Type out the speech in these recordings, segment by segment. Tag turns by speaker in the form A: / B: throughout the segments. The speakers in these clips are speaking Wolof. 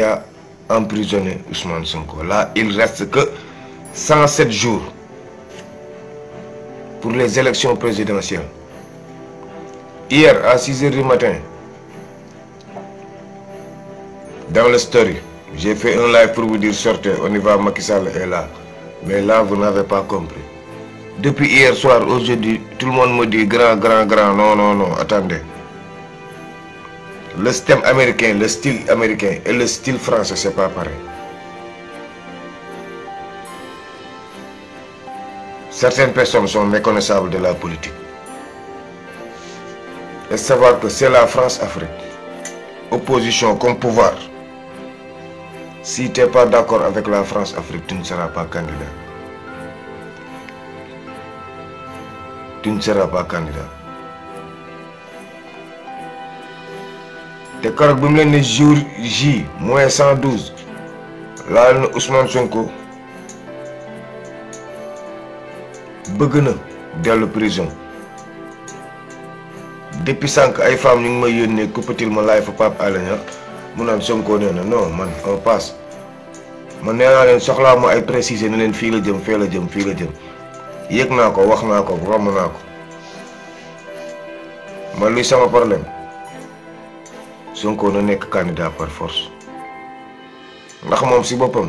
A: a emprisonné Ousmane Sonko. Là, il reste que 107 jours pour les élections présidentielles. Hier, à 6h du matin, dans le story, j'ai fait un live pour vous dire sortez, on y va, Macky est là. Mais là, vous n'avez pas compris. Depuis hier soir, aujourd'hui, tout le monde me dit grand, grand, grand, non, non, non, attendez. Le système américain, le style américain et le style français, c'est pas pareil. Certaines personnes sont méconnaissables de la politique. Et savoir que c'est la France-Afrique, opposition comme pouvoir. Si tu n'es pas d'accord avec la France-Afrique, tu ne seras pas candidat. Tu ne seras pas candidat. te keroog bi mu leen ne jour J moins cent douze laal na Ousmane Sonko bëgg na dellu prison depuis sànq ay femmes ñu ngi may yónnee coupatil ma laay fa Pape Alé Niang mu naan Sonko nee na non man on passe man nee leen soxlaa ma ay préciser ne leen fii la jëm fee la jëm fii la jëm yëg naa ko wax naa ko romb naa ko man luy sama problème Sonko na nekk candidat par force ndax moom si boppam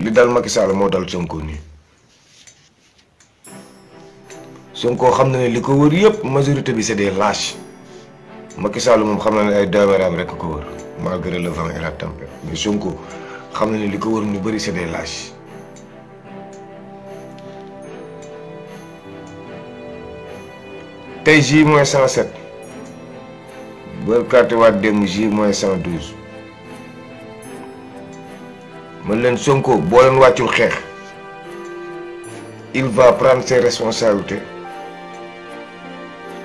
A: li dal Macky Sall moo dal Sonko nii Sonko xam na ne li ko wër yëpp majorité bi c'est des lâches Macky Sall moom xam na ne ay dooméeraam rek ko wër malgré le vent et la tempête mais Sonko xam na ne li ko wër ñu bëri c'est des lâches tey jii mooy 107. booy carte waat démb J moins cent douze mën leen Sonko boo leen wàccul xeex il va prendre ses responsabilités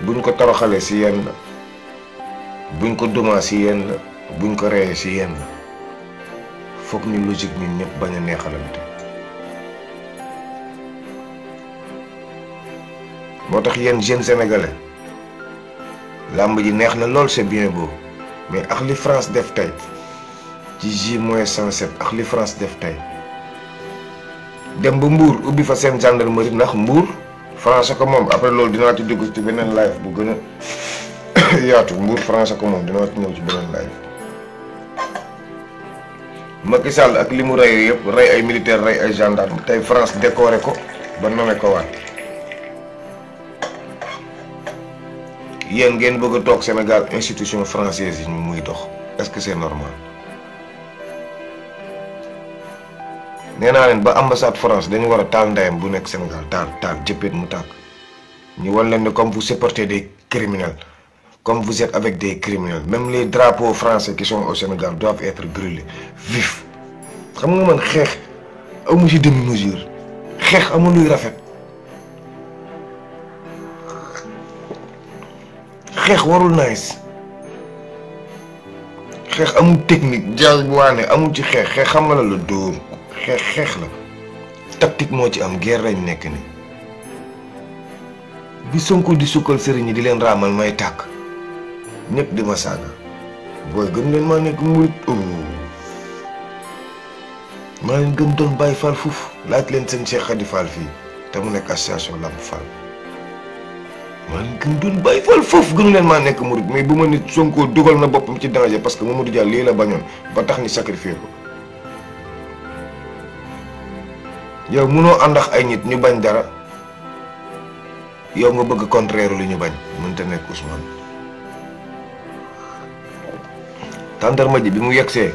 A: buñ ko toroxalee si yéen la buñ ko dumaa si yéen la buñ ko reyee si yéen la foog ñu logique ñun ñëpp bañ neexalante moo tax yéen jeunes sénégalais. lamb ji neex na lool c'est bien beau mais ak li France def tey ci J moins 107 ak li France def tey dem ba Mbour ubbi fa seen gendarmerie ndax Mbour France ko moom après loolu dinaa ci dugg ci beneen live bu gën a yaatu Mbour France ko moom dinaa ci ñëw ci beneen live Macky Sall ak li mu rey yëpp rey ay militaire rey ay gendarme tey France décoré ko ba nommé ko waat Il ngeen a institution française est-ce que c'est normal néna len ba ambassade France dañu bu Sénégal mu comme vous supportez des criminels comme vous êtes avec des criminels même les drapeaux français qui sont au Sénégal doivent être brûlés vif xam nga man xex amu ci demi mesure xeex warul nice xeex amul technique jaas bu waane amul ci xeex xeex xam nga la dóor xeex xeex la tactique moo ci am guerre lañ nekk ni bi Sonko di sukkal sëriñ yi di leen raamal may tàkk ñëpp di ma saaga booy gën leen maa nekk murit oh. maa leen gëm doon bàyyi Fall fuuf laaj leen seen Cheikh Khady fii te mu nekk association Lamp Fall man gën doon bàyyi fal fof gënu leen maa nekk murid mais bu ma nit Sonko dugal na boppam ci danger parce que Mamadou Dia lii la bañoon ba tax ni sacrifié ko yow munoo ànd ay nit ñu bañ dara yow nga bëgg contraire lu ñu bañ mënta nekk Ousmane tàndarma ji bi mu yegsee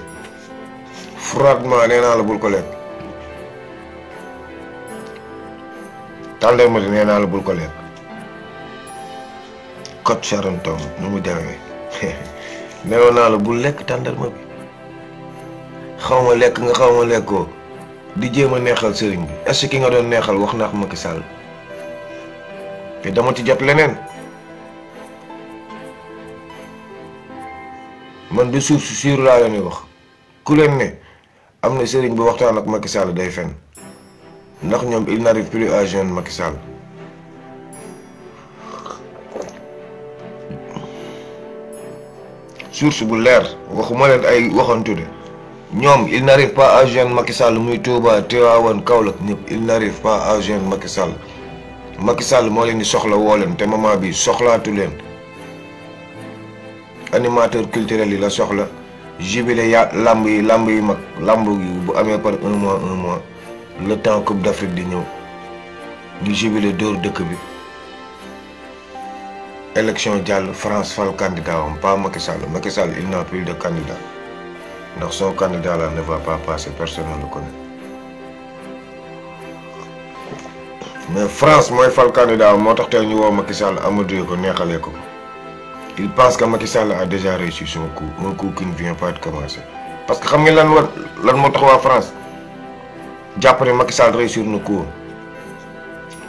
A: froidement nee la bul ko lekk tàndarma ji nee la bul ko lekk cote charenton nu mu demee newoo naa la bul lekk tàndarma bi xaw ma lekk nga xaw ma lekkoo di jéem a neexal sëriñ bi est que ki nga doon neexal wax naa ko Macky Sall te dama ci jot leneen man de suuf si suur laa leen wax ku leen ne am na sëriñ bi waxtaan ak Macky Sall day fen ndax ñoom il n'arrive plus à joindre Macky Sall source bu leer waxuma leen ay waxantu de ñoom il n'arrive pas à joindre Macky Sall muy Touba Tivaouane Kaolack ñëpp il n'arrive pas à joindre Macky Sall Macky Sall moo leen di soxla woo leen te moment bi soxlaatu leen animateur culturel yi la soxla jubile ya lamb yi làmb yi mag làmb yi bu amee par un mois un mois le temps Coupe d'Afrique di ñëw ñu jubile dóor dëkk bi élection jàll France le candidat pas Macky Sall Macky Sall il n'a plus de candidat donc son candidat là ne va pas passer personne ne le connaît mais France moi, le candidat Macky Sall ko ko il pense que Macky Sall a déjà réussi son coup un coup qui ne vient pas de commencer parce que xam nga a war lan moo tax France jàpp ne Macky Sall réussir son coup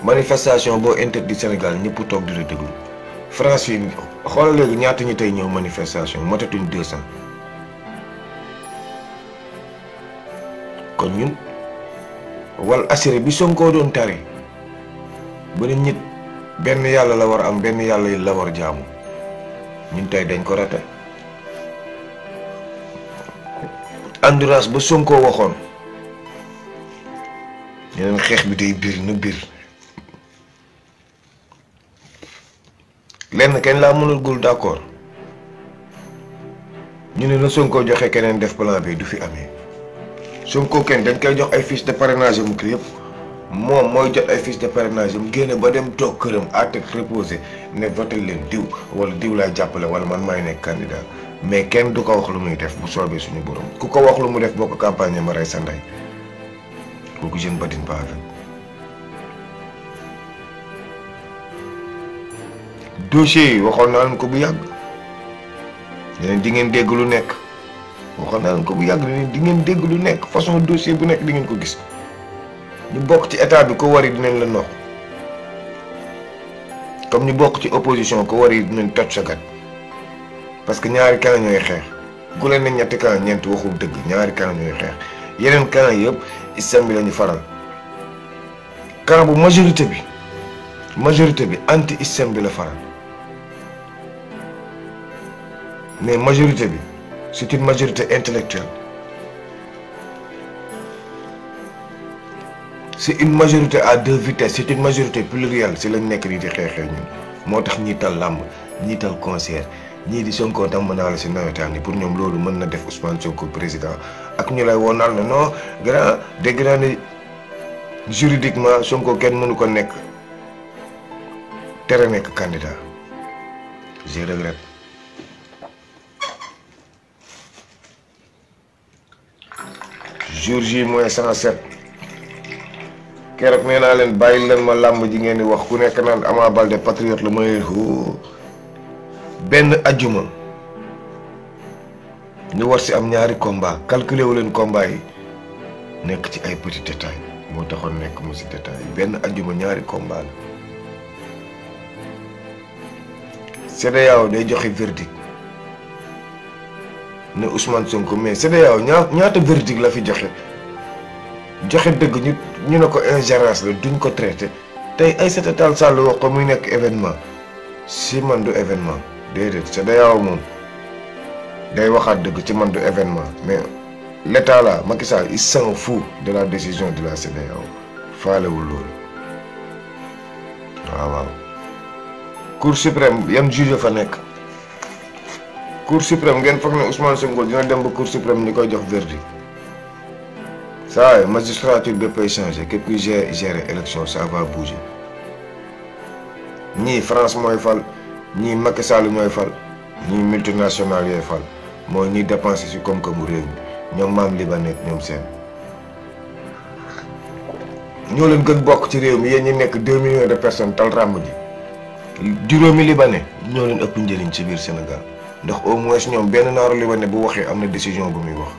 A: manifestation boo interdit Sénégal n'y a pas de déglu France yi xoolal léegi ñaata ñu tey ñëw manifestation matatuñu deux cent kon ñun wal assuré bi sonkoo doon tari ba ne nit benn yàlla la war am benn yàlla la war jaamu ñun tey dañ ko rate endurance ba sonkoo waxoon ñeneen xeex bi day biir na biir lenn kenn laa mënul gul d'accord ñu ne na koo joxee keneen def plan bi du fi amee Sonko kenn dañ koy jox ay fiches de parrainage mu kii yëpp moom mooy jot ay fiches de parrainage mu génne ba dem toog këram à tête ne voté leen diw wala diw laay jàppale wala man maay nekk candidat mais kenn du ko wax lu muy def bu soobee suñu borom ku ko wax lu mu def boo ko campagne ma rey sa ndey kooku je ne badine pas avec dossiers yi waxoon naa leen ko bu yàgg leneen di ngeen dégg lu nekk waxoon naa leen ko bu yàgg leneen di dégg lu nekk façon dossier bu nekk di ngeen ko gis ñu bokk ci état bi ko wari dinañ la nox comme ñu bokk ci opposition ko du dinañ toj sa gat parce que ñaari kana ñooy xeex gu leen ne ñetti kan ñeent waxul dëgg ñaari kan ñooy xeex yeneen kan yëpp islam bi la faral kan bu majorité bi. majorité bi anti système bi la faral mais majorité bi c'est une majorité intellectuelle c'est une majorité à deux vitesses c'est une majorité plurielle si lañ nekk nii di xeexee ñun moo tax ñii tal làmb ñii tal concert ñii di Sonko tam mën naa la si nawetaan yi pour ñoom loolu mën na def Ousmane Sonko président ak ñu lay woon naan la non grand dégg naa ne juridiquement Sonko kenn mënu ko nekk. tere nekk candidat je regrette jour J moins 107 keroog nee naa leen bàyyi leen ma làmb ji ngeen di wax ku nekk naan amaa Baldé patriote la may benn ajjuma ñu war si am ñaari combat calculé wu leen combat yi nekk ci ay petits détails moo taxoon nekk mu si détails benn ajjuma ñaari combat la CEDEAO day joxe verdict ne Ousmane Sonko mais CEDEAO ñaa ñaata verdict la fi joxe joxe dëgg ñu ñu ne ko ingérence la duñ ko traité tey Aïssata Tall Sall wax ko muy nekk événement si man du événement déedéet CEDEAO moom day waxaat dëgg ci man du événement mais l'état là Macky Sall il s'en fout de la décision di la CEDEAO faalewul loolu waaw waaw. cour suprême yan juge fa nekk cour suprême ngeen foog ne Ousmane Sonko dina dem ba cour suprême ñu koy jox verdict saa yi magistrature béppay changé képp kuy gérer gérer élection ça va bouger ñii France mooy fal ñii Macky Sall mooy fal ñii multinationale yooy fal mooy ñuy dépensé si koom-koomu réew mi ñoom maam libanet ñoom seen ñoo leen gën bokk ci réew mi yéen ñi nekk deux millions de personnes tal ràmb ji juróomi libanais ñoo leen ëpp njëriñ ci biir Sénégal ndax au moins ñoom benn naaru libanais bu waxee am na décision bu muy wax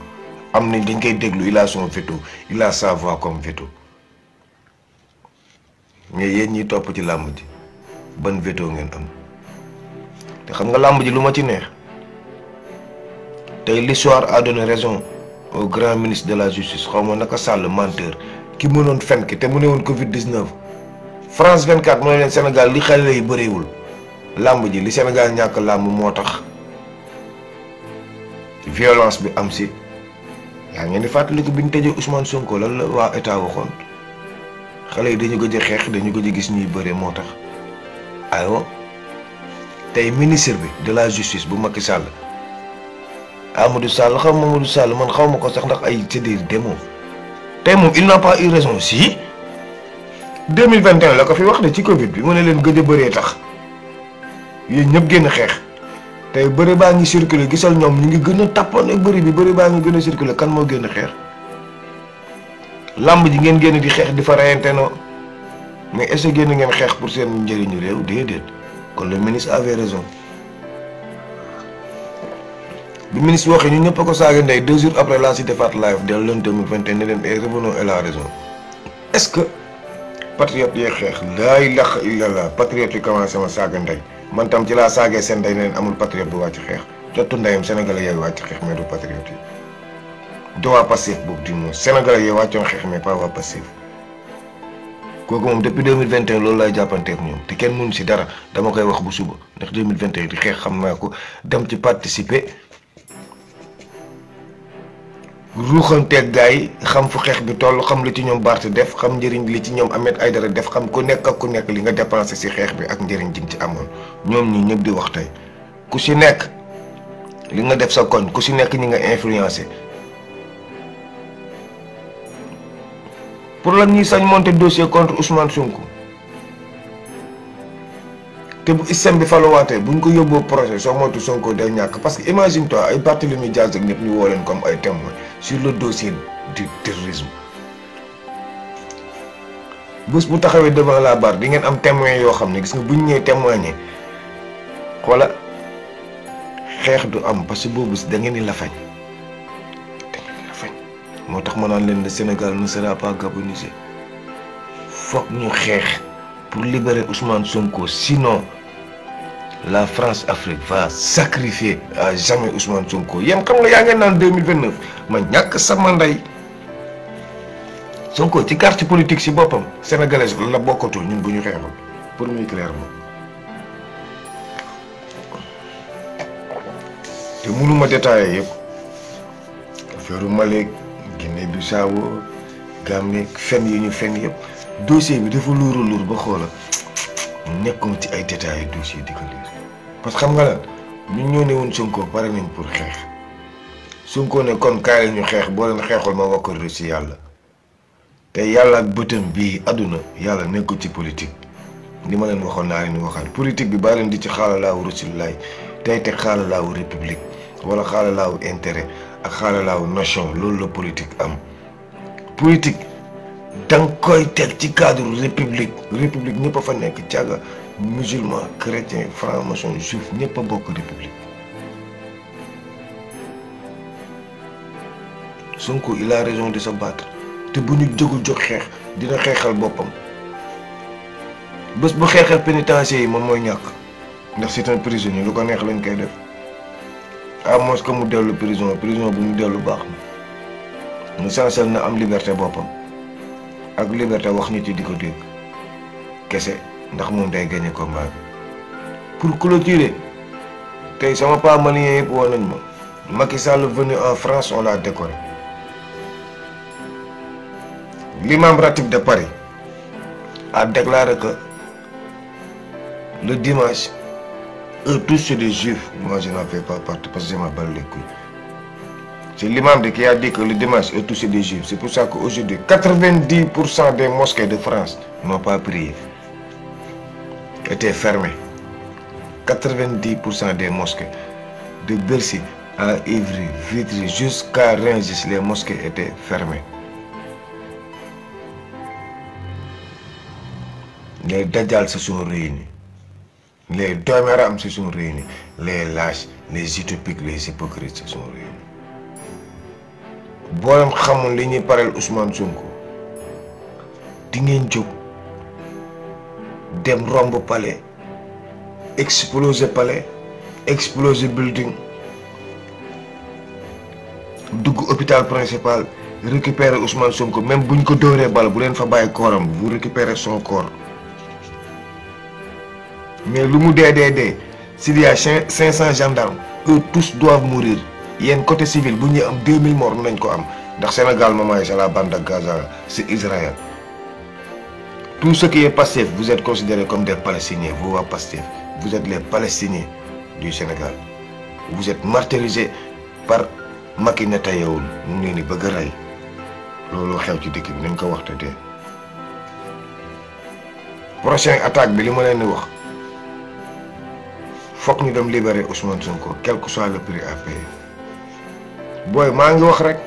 A: am nañ dañ koy déglu il a son veto il a sa voix comme veto ñi topp ci làmb ji ban veto ngeen am te xam nga làmb ji lu ma ci neex tey l'histoire a donné raison au grand ministre de la justice xaw ma naka Sall menteur ki mënoon fen ki te mu ne woon Covid 19. France 24 mooy leen Sénégal li xale yi bëriwul làmb ji li Sénégal ñàkk làmb moo tax violence bi am si yaa ngeen di fàttaliku bi ñu tëjee Ousmane Sonko lan waa état waxoon xale yi dañu gëj a xeex dañu gëj a gis ñuy bëree moo tax aywa tey ministre bi de la justice bu Macky Sall du Sall xam Amadou Sall man xaw ma ko sax ndax ay c'est des démons tey moom il n'a pas eu raison si. 2021 la ko fi wax de ci Covid bi mu ne leen gëj a bëree tax yéen ñëpp génn xeex te bëri baa ngi circulé gisal ñoom ñu ngi gën a tàppoon bëri bi bëri baa ngi gën a circulé kan moo génn xeex làmb ji ngeen génn di xeex di fa reyante no mais est-ce que génn ngeen xeex pour seen njëriñu réew déedéet kon le ministre avait raison bi ministre waxee ñu ñëpp ko saaga ndey deux jours après laa si defaat live del leen 2021 ne leen ay revenons à la raison est-ce que. patriote yee xeex laa ilaha illallah patriote yi commencé ma saaga ndey man tam ci laa saagee seen ndey ne leen amul patriote bu wàcc xeex jottu ndeyam sénégalais yooyu wàcc xeex mais du patriote yi du waa passif boobu du moins sénégalais yooyu wàccoon xeex mais pas waa passif kooku moom depuis 2021 loolu laay jàppanteek ñoom te kenn mënu si dara dama koy wax bu suba ndax 2021 di xeex xam naa ko dem ci participer ruuxanteeg gars yi xam fu xeex bi toll xam li ci ñoom Barth def xam njëriñ li ci ñoom ay Aïdara def xam ku nekk ak ku nekk li nga dépensé si xeex bi ak njëriñ ji ci amoon ñoom ñi ñëpp di wax tey ku si nekk li nga def sa koñ ku si nekk ñi nga influencé pour lan ñuy sañ monter dossier contre Ousmane Sonko. te bu système bi falowaatee bu ñu ko yóbboo projet soo moytu Sonko day ñàkk parce que imagine toi ay Barthélémy Dias ak ñëpp ñu woo leen comme ay témoins le dossier du terrorisme bés bu taxawee devant la barre di ngeen am témoins yoo xam ne gis nga bu ñu ñëwee témoigner xoola xeex du am parce que boobu da ngeen di la fañ moo tax ma naan leen le Sénégal ne sera pas gabonisé foog ñu xeex pour libérer Ousmane Sonko sinon. la France Afrique va sacrifier à jamais Ousmane Sonko yéen xam nga yaa ngeen naan ma ñàkk sama ndey Sonko ci carte politique si boppam sénégalais la bokkatul ñun bu ñu xeexul pour muy clair moom te mënuma détailler yëpp affaire Mali Guinée Bissau Gambie fen yi ñu fenn yëpp dossier bi dafa luuru luur ba xoola nekkoon ci ay détails dossier di ko lire parce que xam nga la ñu ñoo ne woon Sonko pare nañ pour xeex Sonko ne kon kaay ñu xeex boo leen xeexul ma wakkaru ci yàlla te yàlla ak bëtam bii àdduna yàlla nekkul ci politique li ma leen waxoon naa leen waxaat politique bi bàyyi leen di ci xaalalaawu rasulilaay tey teg xaalalaawu république wala xaalalaawu intérêt ak xaalalaawu nation loolu la politique am politik danga koy teg ci cadre république république ñëpp a fa nekk càgga musulman chrétien franc-maçon juif ñëpp a bokk république Sonko il a raison de se battre te bu ñu jógul jóg xeex dina xeexal boppam bés bu xeexal pénitencier yi moom mooy ñàkk ndax c'est un prisonnier lu ko neex lañ koy def à moins que mu dellu prison prison bu mu dellu baax na mu sansel na am liberté boppam ak liberté wax nit yi di ko dégg kese ndax moom day gagné combat bi pour clôturer tey sama pa malien yëpp woo nañ Sall venu en France on l'a décoré l'imam ratif de Paris a déclaré que le dimanche eux tous des juifs moi je n'en fais pas partie parce que je m'en bats les couilles c'est l'imam qui a dit que le dimanche eux tous des juifs c'est pour ça qu'aujourd'hui 90% des mosquées de France n'ont pas prié étaient fermées. 90% des mosquées de Bercy à Ivry, Vitry jusqu'à Rungis, les mosquées étaient fermées. Les Dajjal se sont réunis. Les Domeram se sont réunis. Les lâches, les utopiques, les hypocrites se sont réunis. Bon, comme on li dit parle Ousmane Sonko dem romb palais exploser palais exploser building dugg hôpital principal récupérer Ousmane Sonko même si vous ko dóoree bal bu vous récupérez son corps mais lu mu dee s'il y a 500 gendarmes eux tous doivent mourir Il un côté civil bu y am 2000 2000 morts nañ ko am ndax Sénégal moom la bande Gaza c'est Israël tout ce qui est passif, vous êtes considérés comme des Palestiniens, vous, êtes passifs, Vous êtes les Palestiniens du Sénégal. Vous êtes martyrisés par Macky Netanyahou. Nous sommes les gens loolu xew ci dëkk bi nañ ko wax prochaine attaque bi li ma leen wax ñu libérer Ousmane Sonko quel que soit le prix à payer Boy, vous ngi wax rek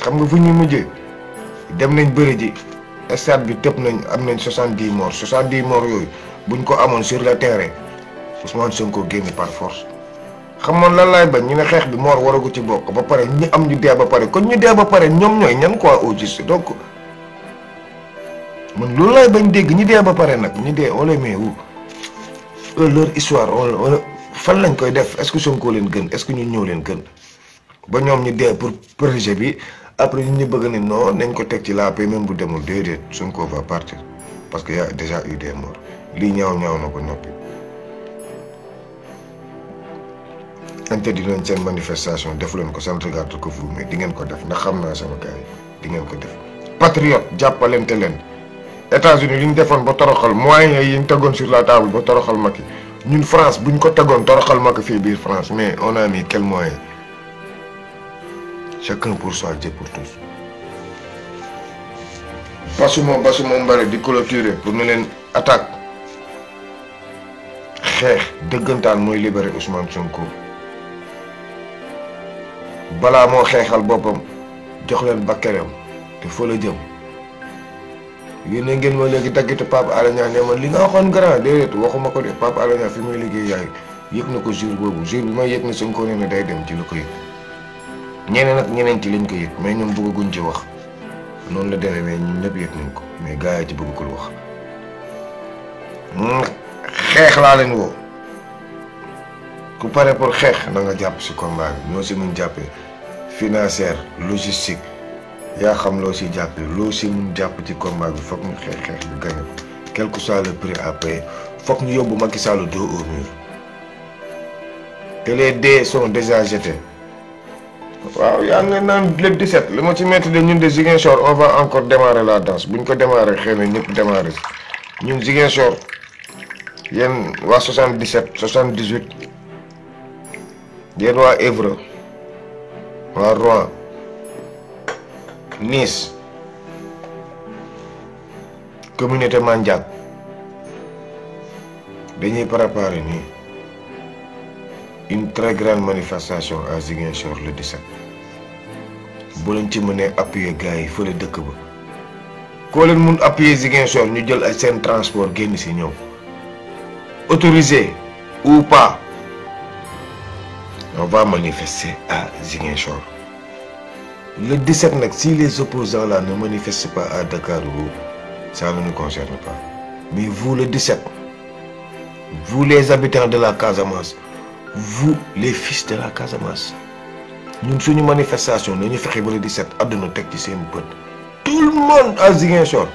A: xam nga vous ñuy mujjee dem stade bi tëb nañ am nañ soixante dix morts soixante di morts yooyu ñu ko amoon sur le terrain Ousmane Sonko génn par force xamoon lan laay bañ ñu ne xeex bi moor waragu ci bokk ba pare ñu am ñu dee ba pare kon ñu dee ba pare ñoom ñooy ñan quoi au juste donc man loolu laay bañ dégg ñu dee ba pare nag ñu dee wala mais wu leur histoire wala wala fan lañ koy def est-ce que Sonko leen gën est-ce que ñu ñëw leen gën ba ñoom ñu dee pour projet bi. après ñu ñu bëgg ni non nañ ko teg ci la paix même bu demul suñ Sonko va partir parce que y a déjà eu des morts lii ñaaw ñaaw na ko noppi. interdit nañ seen manifestation def leen ko seen regarde ko vous mais di ngeen ko def ndax xam naa sama gars yi di ngeen ko def. patriote jàppalante leen États-Unis li ñu defoon ba toroxal moyens yi ñu tegoon sur la table ba toroxal Macky ñun France bu ko tegoon toroxal Macky fii biir France mais on a mis quel chacun pour soi, Dieu pour tous. basuma basuma mbare di clôturer pour ne leen attaque xeex dëggantaan mooy libérer Ousmane Sonko balaa moo xeexal boppam jox leen bakkanam te fa la jëm yéen ngeen ma léegi daggitu Pape Alé ne ma li nga waxoon grand déedéet waxuma ko de Pape Alé Niang fi muy liggéey yaay yëg na ko jour boobu jour bi may yëg na Sonko ne day dem ci lu ko yëg ñeneen ak ñeneen ci lañ ko yëg mais ñoom bëgguñ ci wax noonu la demee mais ñun ñëpp yëg nañ ko mais gars yi ci bëggul wax mm, xeex laa leen woo ku pare pour xeex nanga jàpp si combat bi noo si mun jàppee financière logistique yaa xam loo si jàppee loo si jàpp ci combat bi foog ñu xeex xeex bi gagné ko quel soit le prix à payer foog ñu yóbbu Macky Sall dos au mur te les dés sont déjà waaw yaa ngi naan le 17 li ma ci métti de ñun de Ziguinchor on va encore démarrer la danse bu ñu ko démarrer xëy na ñëpp démarrer ñun Ziguinchor yéen waa 77 78 yéen waa Évreux waa Rouen Nice communauté Mandiack dañuy préparer nii. une très grande manifestation à Ziguinchor le 17 Si vous ci mënee appuyer Gaï, il faut les ba Si vous appuyer Ziguinchor nous devons ay un transport autorisé ou pas on va manifester à Ziguinchor le 17 si les opposants là ne manifestent pas à Dakar ou ça ne nous concerne pas mais vous le 17 vous les habitants de la Casamance vous les fils de la Casamance ñun une manifestation nous fexe ba le 17 àdduna de ci seen tout le monde a à Ziguinchor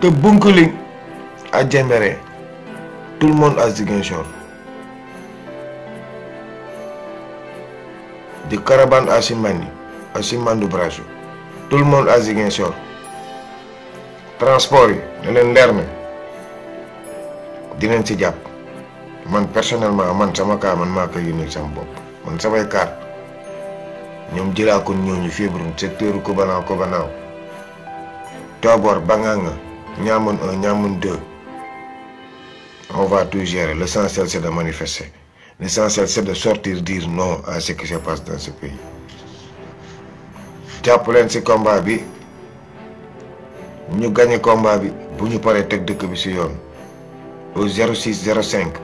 A: de bunkeling à Diembéring tout le monde a à Ziguinchor de Carabane à Simani, à de Brassou tout le monde a Ziguinchor transport yi na leen leer na ci man personnellement man sama ka man ma koy yónnee sama qui man samay ñom jira ko kon ñu fibre secteur Kobanaaw pas Tobor Banganga Niamone un Niamone deux on va tout gérer l'essentiel c'est de manifester l'essentiel c'est de sortir dire non à ce qui se passe dans ce pays jàpp leen ci combat bi ñu gagner combat bi bu ñu paree bi ci yoon au 06 05